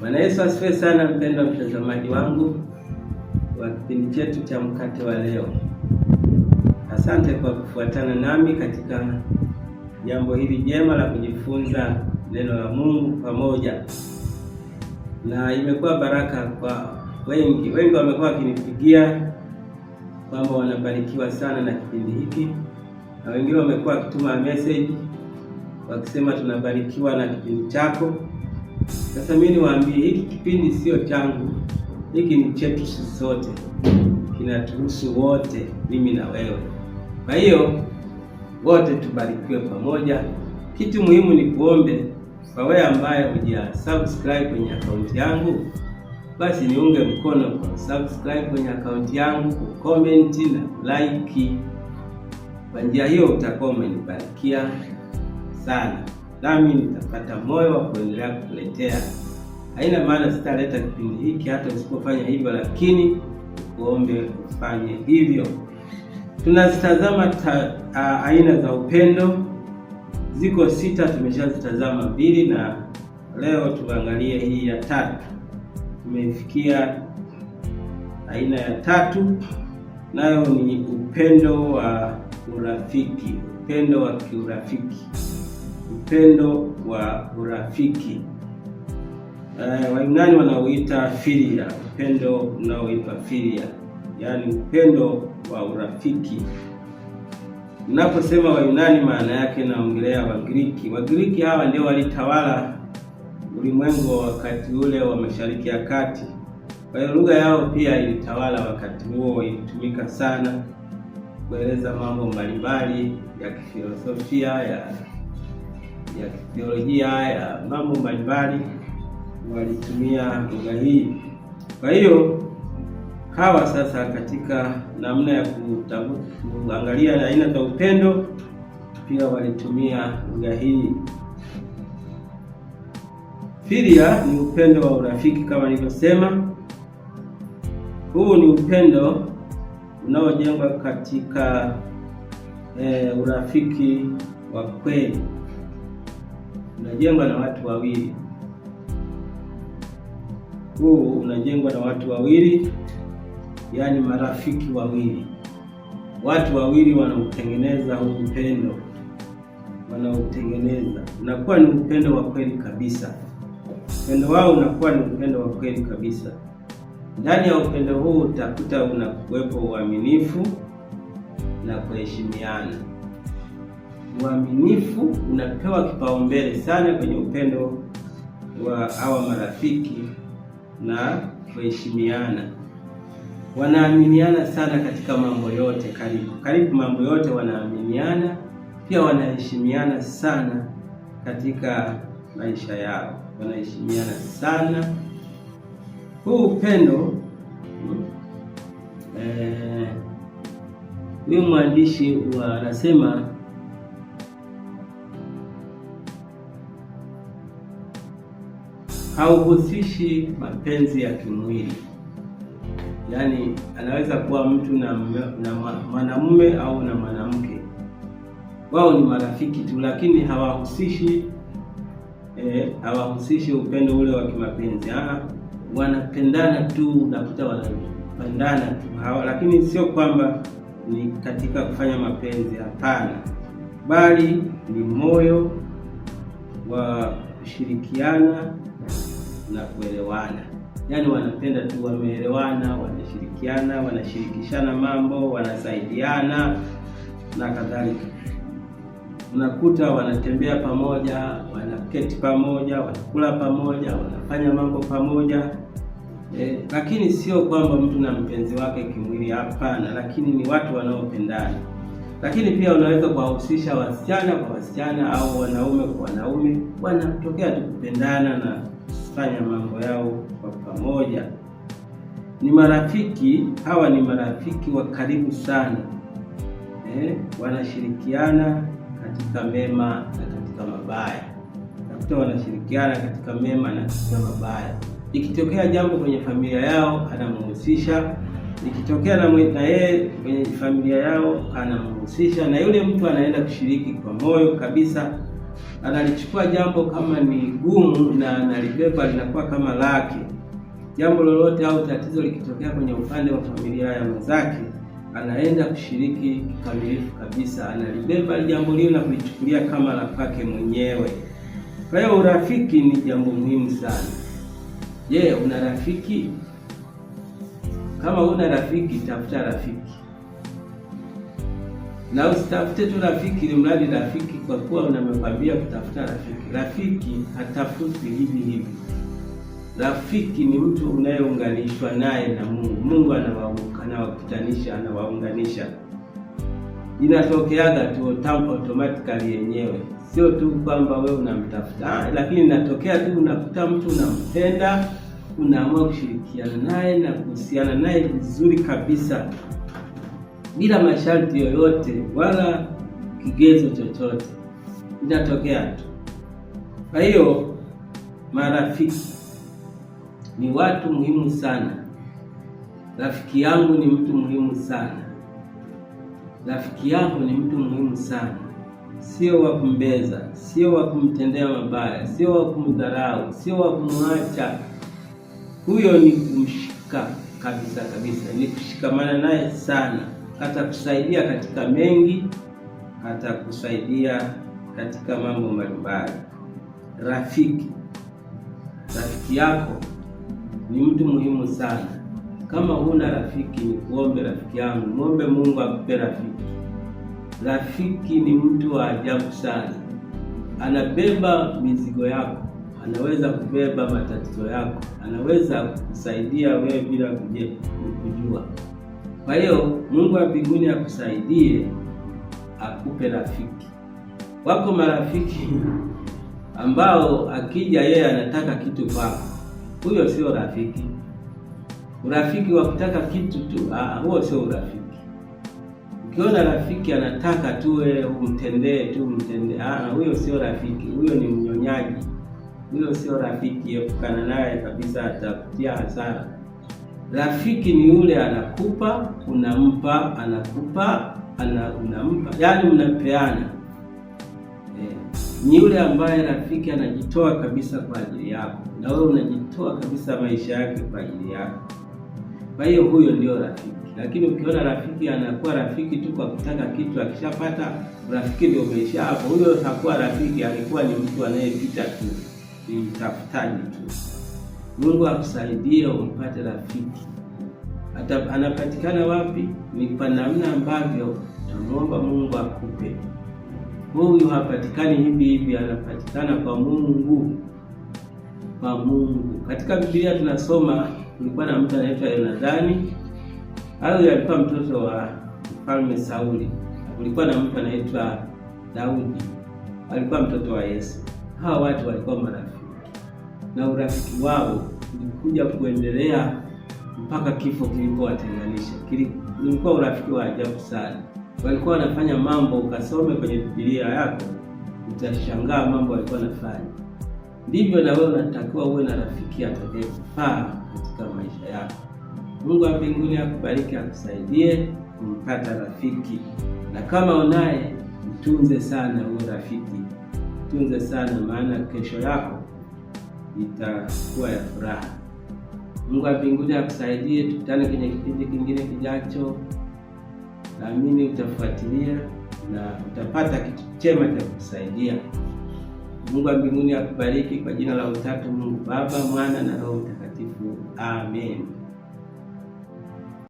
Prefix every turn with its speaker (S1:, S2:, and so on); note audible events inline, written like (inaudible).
S1: Bwana Yesu asifiwe sana, mpendwa mtazamaji wangu wa kipindi chetu cha mkate wa leo. Asante kwa kufuatana nami katika jambo hili jema la kujifunza neno la Mungu pamoja, na imekuwa baraka kwa wengi. Wengi wamekuwa wakinipigia kwamba wanabarikiwa sana na kipindi hiki, na wengine wamekuwa wakituma message wakisema tunabarikiwa na kipindi chako. Sasa mimi niwaambie, hiki kipindi sio changu, hiki ni chetu sisi sote, kinatuhusu wote, mimi na wewe. Kwa hiyo wote tubarikiwe pamoja. Kitu muhimu ni kuombe kwa wewe ambaye huja subscribe kwenye akaunti yangu, basi niunge mkono kwa subscribe kwenye akaunti yangu, comment na like. Kwa njia hiyo utakuwa umenibarikia sana nami nitapata moyo wa kuendelea kukuletea. Haina maana sitaleta kipindi hiki hata usipofanya hivyo, lakini kuombe ufanye hivyo. Tunazitazama aina za upendo, ziko sita, tumeshazitazama mbili, na leo tuangalie hii ya tatu. Tumefikia aina ya tatu, nayo ni upendo wa urafiki, upendo wa kiurafiki upendo wa urafiki. Uh, eh, Wayunani wanauita filia, upendo unaoitwa filia, yaani upendo wa urafiki. Ninaposema Wayunani maana yake naongelea Wagiriki. Wagiriki hawa ndio walitawala ulimwengu wa wakati ule wa Mashariki ya Kati. Kwa hiyo lugha yao pia ilitawala wakati huo, ilitumika sana kueleza mambo mbalimbali ya kifilosofia ya ya kitheolojia ya mambo mbalimbali, walitumia lugha hii. Kwa hiyo hawa sasa, katika namna ya kuangalia aina za upendo pia walitumia lugha hii. Filia ni upendo wa urafiki kama nilivyosema. Huu ni upendo unaojengwa katika eh, urafiki wa kweli unajengwa na watu wawili, huu unajengwa na watu wawili, yaani marafiki wawili, watu wawili wanautengeneza huu upendo, wanaotengeneza unakuwa ni upendo wa kweli kabisa. Upendo wao unakuwa ni upendo wa kweli kabisa. Ndani ya upendo huu utakuta unakuwepo uaminifu na kuheshimiana uaminifu unapewa kipaumbele sana kwenye upendo wa hawa marafiki na kuheshimiana. Wanaaminiana sana katika mambo yote, karibu karibu mambo yote wanaaminiana, pia wanaheshimiana sana katika maisha yao, wanaheshimiana sana. Huu upendo eh, huyu eh, mwandishi anasema hauhusishi mapenzi ya kimwili, yaani anaweza kuwa mtu na, na mwanamume au na mwanamke, wao ni marafiki tu, lakini hawahusishi eh, hawahusishi upendo ule wa kimapenzi. Ah, wanapendana tu, unakuta wanapendana tu hawa, lakini sio kwamba ni katika kufanya mapenzi, hapana, bali ni moyo wa kushirikiana na kuelewana, yaani wanapenda tu, wameelewana, wanashirikiana, wanashirikishana mambo, wanasaidiana na kadhalika. Unakuta wanatembea pamoja, wanaketi pamoja, wanakula pamoja, wanafanya mambo pamoja. Eh, lakini sio kwamba mtu na mpenzi wake kimwili, hapana, lakini ni watu wanaopendana lakini pia unaweza kuwahusisha wasichana kwa wasichana au wanaume kwa wanaume, wanatokea tu kupendana na kufanya mambo yao kwa pamoja. Ni marafiki hawa, ni marafiki wa karibu sana eh, wanashirikiana katika mema na katika mabaya, nakuta wanashirikiana katika mema na katika mabaya. Ikitokea jambo kwenye familia yao, anamhusisha ikitokea na yeye kwenye familia yao anamhusisha na yule mtu, anaenda kushiriki kwa moyo kabisa, analichukua jambo kama ni gumu na analibeba, linakuwa kama lake. Jambo lolote au tatizo likitokea kwenye upande wa familia ya mwenzake, anaenda kushiriki kikamilifu kabisa, analibeba jambo lile na kulichukulia kama la kwake mwenyewe. Kwa hiyo urafiki ni jambo muhimu sana. Je, yeah, una rafiki kama una rafiki, tafuta rafiki, na usitafute tu rafiki ni mradi rafiki, kwa kuwa unamepambia kutafuta rafiki. Rafiki hatafuti hivi hivi. Rafiki ni mtu unayeunganishwa naye na Mungu. Mungu anawakutanisha, anawaunganisha. Inatokeaga tu automatically yenyewe, sio tu kwamba wewe unamtafuta, ah, lakini inatokea tu, unakuta mtu unampenda unaamua kushirikiana naye na kuhusiana naye vizuri kabisa bila masharti yoyote wala kigezo chochote, inatokea tu. Kwa hiyo marafiki ni watu muhimu sana. Rafiki yangu ni mtu muhimu sana, rafiki yako ni mtu muhimu sana, sio wa kumbeza, sio wa kumtendea mabaya, sio wa kumdharau, sio wa kumwacha huyo ni kumshika kabisa kabisa, ni kushikamana naye sana. Atakusaidia katika mengi, atakusaidia katika mambo mbalimbali. Rafiki, rafiki yako ni mtu muhimu sana. Kama huna rafiki, ni kuombe rafiki yangu, muombe Mungu akupe rafiki. Rafiki ni mtu wa ajabu sana, anabeba mizigo yako anaweza kubeba matatizo yako, anaweza kukusaidia wewe bila kujua. Kwa hiyo Mungu wa mbinguni akusaidie, akupe rafiki wako. Marafiki (laughs) ambao akija yeye anataka kitu kwako, huyo sio rafiki. Urafiki wa kutaka kitu tu, ah, ah huo sio urafiki. Ukiona rafiki anataka tuwe umtendee tu umtendee, ah, huyo sio rafiki, huyo ni mnyonyaji. Huyo sio rafiki, epukana naye kabisa, atakutia hasara. Rafiki ni yule anakupa, unampa, anakupa, ana, unampa, yaani unapeana eh, ni yule ambaye rafiki anajitoa kabisa kwa ajili yako na wewe unajitoa kabisa maisha yake kwa ajili yako. Kwa hiyo huyo ndio rafiki. Lakini ukiona rafiki anakuwa rafiki tu kwa kutaka kitu, akishapata rafiki ndio umeisha hapo, huyo hakuwa rafiki, alikuwa ni mtu anayepita tu ni mtafutaji tu. Mungu akusaidie umpate rafiki. Hata anapatikana wapi? Ni kwa namna ambavyo tunaomba Mungu akupe. Huyu hapatikani hivi hivi, anapatikana kwa Mungu, kwa Mungu. Katika Biblia tunasoma kulikuwa na mtu anaitwa Yonadhani, au alikuwa mtoto wa mfalme Sauli. Kulikuwa na mtu anaitwa Daudi, alikuwa mtoto wa Yesu hawa watu walikuwa marafiki na urafiki wao ulikuja kuendelea mpaka kifo kilipowatenganisha. Ulikuwa urafiki wa ajabu sana, walikuwa wanafanya mambo, ukasome kwenye Biblia yako utashangaa mambo walikuwa wanafanya. Ndivyo na wewe unatakiwa uwe na rafiki atakayekufaa katika maisha yako. Mungu wa mbinguni akubariki, akusaidie kumpata rafiki, na kama unaye mtunze sana huyo rafiki jitunze sana, maana kesho yako itakuwa ya furaha. Mungu wa mbinguni akusaidie. Tukutane kwenye kipindi kingine kijacho, naamini utafuatilia na utapata kitu chema cha kukusaidia. Mungu wa mbinguni akubariki, kwa jina la utatu Mungu Baba, Mwana na Roho Mtakatifu, amen.